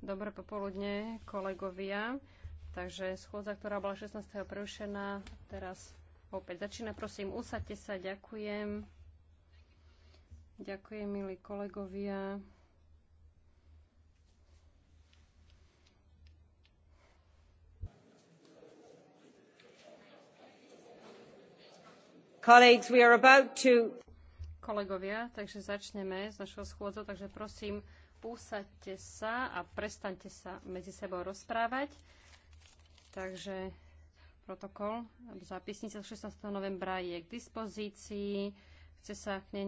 Dobré popoludne, kolegovia. Takže schôdza, ktorá bola šestnásteho prerušená, teraz opäť začína. Prosím, usadte sa, ďakujem. Ďakujem, milí kolegovia. Colleagues, we are about to kolegovia, takže začneme s našou schôdzou, takže prosím, usaďte sa a prestaňte sa medzi sebou rozprávať. Takže protokol zápisnice 16. novembra je k dispozícii. Chce sa k nej